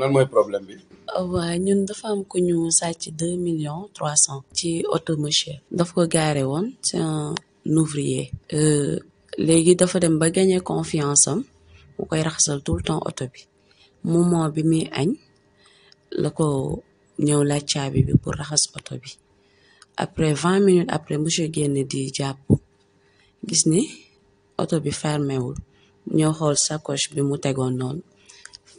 lan mooy problème bi. waa ñun dafa am ku ñu deux millions trois ci 000 daf ko gaare woon un ouvrier. Euh, léegi dafa gagné confiance am mu koy raxasal tout le temps auto moment bi muy la ko ñëw bi pour raxas auto bi après vingt minutes après monsieur génn di jàpp gis ni auto bi fermé wul ñëw xool sacoche bi mu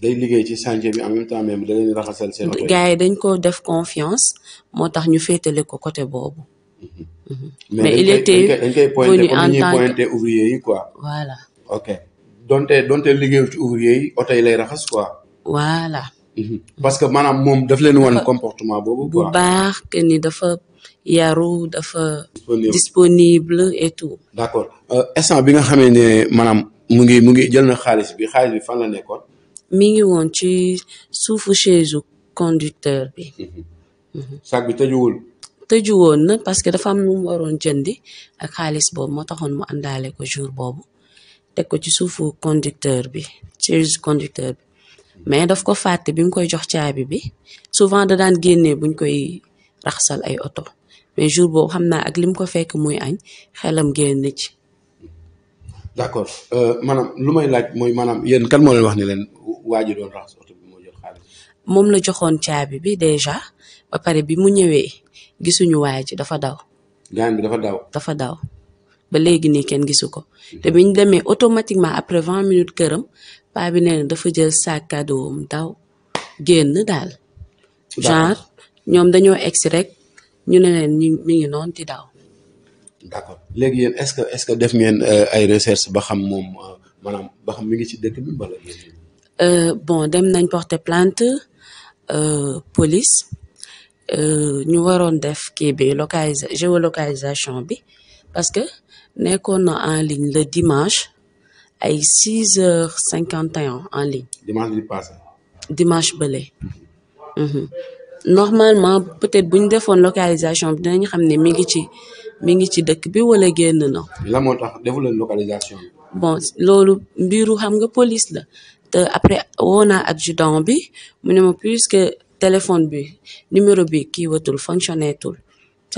day liggéey ci chantier bi en même temps même da leen raxasal seen. gars yi dañ ko def confiance moo tax ñu féetale ko côté boobu. Mhm. mais il était venu en tant que dañ koy pointé ouvrier yi quoi. voilà ok donte donte liggéeyul ci ouvrier yi oto yi lay raxas quoi. voilà. Mhm. parce que maanaam moom daf leen woon comportement boobu. bu baax que ni dafa yaru dafa. disponible et tout. d' accord euh, instant bi nga xamee ne maanaam mu ngi mu ngi jël na xaalis bi xaalis bi fan la nekkoon. mi ngi woon ci suufu chaise conducteur bi. sac bi na parce que dafa am lu mu jëndi ak xaalis boobu moo taxoon mu àndaale ko jour boobu teg ko ci suufu conducteur bi chaise conducteur bi mais daf ko fàtte bi mu koy jox caabi bi souvent da daan génnee buñ koy raxasal ay oto mais jour boobu xam naa ak lim ko fekk muy añ xelam génn ci. d'accord euh, maanaam lu may laaj mooy maanaam yéen kan moo wax ni leen waa doon raxas moom la joxoon caabi bi déjà ba pare bi mu ñëwee gisuñu waa ji dafa daw. gaañ bi dafa daw. dafa daw ba léegi nii kenn gisu ko. te biñ demee automatiquement après vingt minutes këram paa bi nee dafa jël sac cadeau am daw genre ñoom dañoo egsi rek ñu ne leen ñu mi ngi noonu di daw. d'accord léegi yéen est que est que def ngeen euh, ay recherche ba xam moom euh, maanaam ba xam mi ngi ci dëkk bi wala. Euh, bon dem nañ porté plainte euh, police euh, ñu waron def avons bi géolocalisation bi parce que nous sommes en ligne le dimanche à 6 h 51 en ligne. dimanche bi passé. dimanche bële. Mhm. normalement peut-être que nous avons localisation bi dinañ Nous ne mi ngi ci mi ngi ci dëkk bi wala génn na. la moo tax localisation. bon loolu mbiru xam nga police la euh, après on a adjudant bi mais plus que téléphone bi numéro qui ki watul fonctionner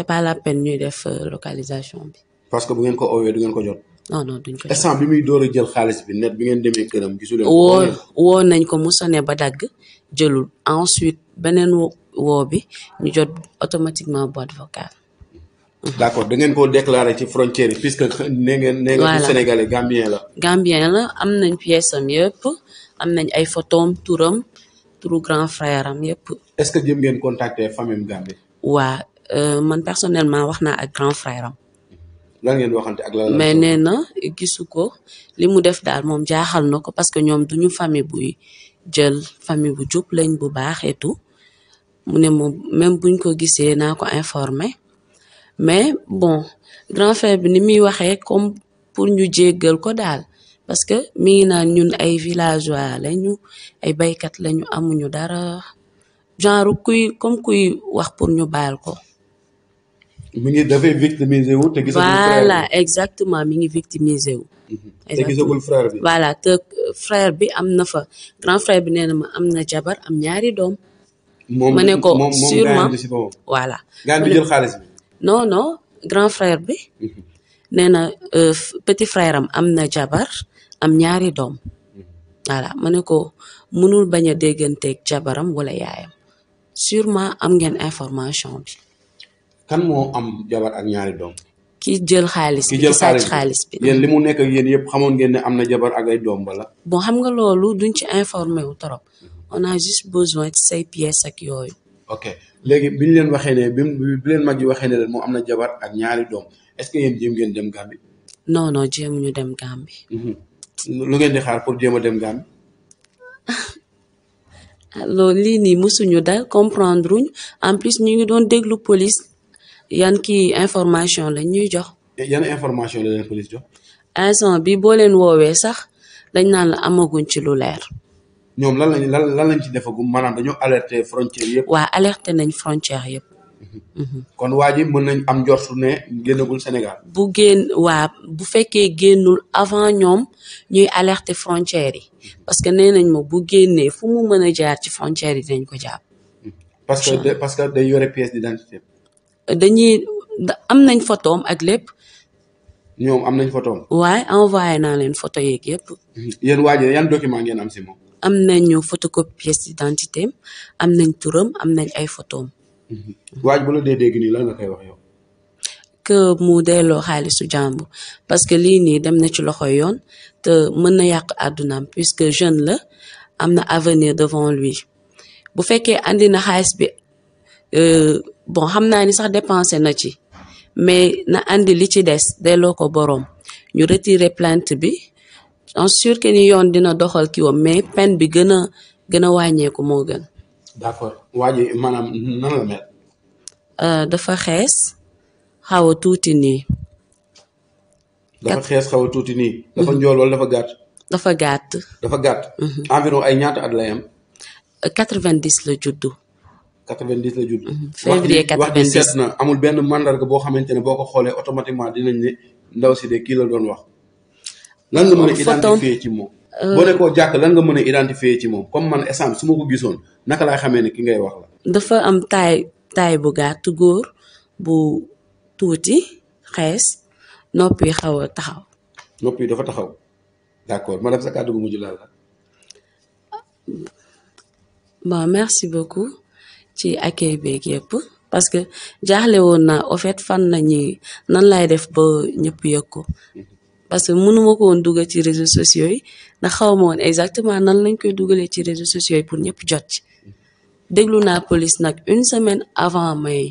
pas la peine faire euh, la localisation parce que vous ko non non jël bi net bi ensuite benen wo bi automatiquement boîte vocale d'accord accord da ngeen ko déclarer ci frontière puisque nee ngeen nee nga sénégalais gambien la gambien la am nañ pièce am yépp am nañ ay photom touram turu grand frère am yépp est ce que jëm ngeen contacter famille Gambie waa euh, man personnellement wax naa ak grand frère am lan ngeen waxante ak la mais nee na gisu ko li mu def daal moom jaaxal na ko parce que ñoom duñu famille buy jël famille bu jub lañ bu baax et tout mu ne moom même buñ ko gisee naa ko informé mais bon grand frère bi ni muy waxee comme pour ñu jéggal ko daal parce que mi ngi naan ñun ay villageois lañu ay baykat lañu amuñu dara genre kuy comme kuy wax pour ñu baal ko. mi ngi dafay victimiser wu te gisagul frère voilà exactement mi ngi victimiser wu. Mhm. te gisagul frère bi voilà te frère bi am na fa grand frère bi nee na ma am na jabar am ñaari doom. ma ne ko sûrement moom voilà. gaan bi jël xaalis bi non non grand frère bi mhm. néna euh, petit frère am am jabar am ñaari dom, mhm. voilà maneko, ko mënul baña a ak jabaram wala yaayam sûrement am ngeen information bi. kan mo am jabar ak ñaari dom ki jël khalis. ki jël xaalis bi. yéen li nekk ak yéen yépp xamone ngeen ne am jabar ak ay dom bala. bon xam nga loolu duñ ci informé wu trop mhm. on a juste besoin de ces pièces ak yooyu. ok léegi bi ñu leen waxee ne bi bi leen mag yi waxee ne leen moom am na jabar ak ñaari doom est-ce que yéen jéem ngeen dem Gàmbi. non non ñu dem Gàmbi. Mhm. lu ngeen di xaar pour jéem a dem Gàmbi. alors ah, lii nii mosuñu dal comprendre uñ en plus ñu ngi doon déglu police yan kii information la ñuy jox. Eh, yan information la leen police jox. instant bi boo leen woowee sax dañ naan la amaguñ ci lu leer. ñoom lan lañ lan lan lañ ci defagum maanaam dañoo alerter frontière yëpp. waaw alerter nañ frontière yëpp. Mhm. kon waa ji mën nañ am njortu ne génnagul Sénégal. bu génn waa bu fekkee génnul avant ñoom ñuy alerte frontière yi parce que nee nañ ma bu génnee fu mu mën a jaar ci frontière yi dañ ko jàpp. Mhm. parce que parce que day yore pièce d'identité. dañuy am nañ photoom ak lépp. ñoom am nañ photo waaye envoyé naa leen photo yeeg yépp. Mhm. yéen waa yan document ngeen am si moom. am nañu photocopie pièce d'identité am nañ turam am nañ ay photos. Mhm. waaj bu la dee dégg nii lan nga koy wax yow. que mu delloo xaalisu jàmbur parce que lii nii dem na ci loxo yoon te mën na yàq àddunaam puisque jeune la am na avenir devant lui bu fekkee andi na xaalis bi euh, bon xam naa ni sax dépensé na ci. mais na indi li ci des delloo ko boroom ñu retirer plainte bi en sûr que ni yoon dina doxal ki wam mais peine bi gën a gën a wàññeeku moo gën. d'accord waa ji nan la mel. Euh, dafa xees xaw a tuuti nii. dafa xees xaw tuuti nii. Mm-hmm. dafa njool wala dafa gàtt. dafa gàtt. dafa gàtt. Mm-hmm. environ ay ñaata at yam. Euh, quatre-vingt-dix la juddu. 90 la judd. février mhm. 90 wax ji seet na amul benn mandarga boo xamante ne boo ko xoolee automatiquement dinañ ne ndaw si de kii doon wax. lan nga mën a identifier ci moom. Euh, boo ne koo jàkk lan nga mën a identifier ci moom comme man exemple suma ma ko gisoon naka laay xamee ne ki ngay wax la. dafa am taay taay bu gàtt góor bu tuuti xees nopp yi xaw a taxaw. nopp yi dafa taxaw d'accord ma def sa kàddu gu mujj laal la. bon ci accueil beeg yëpp parce que jaaxle woon naa au fait fan nañu nan lay def ba ñëpp yëg ko parce que mënuma ko woon dugal ci réseaux sociaux yi ndax xaw woon exactement nan lañ koy dugalee ci réseaux sociaux yi pour ñëpp jot ci déglu naa police nag une semaine avant may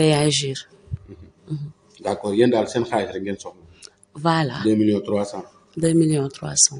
réagir. d' accord yéen daal seen xaalis rek ngeen soxla. voilà deux millions trois cent. deux millions trois cent.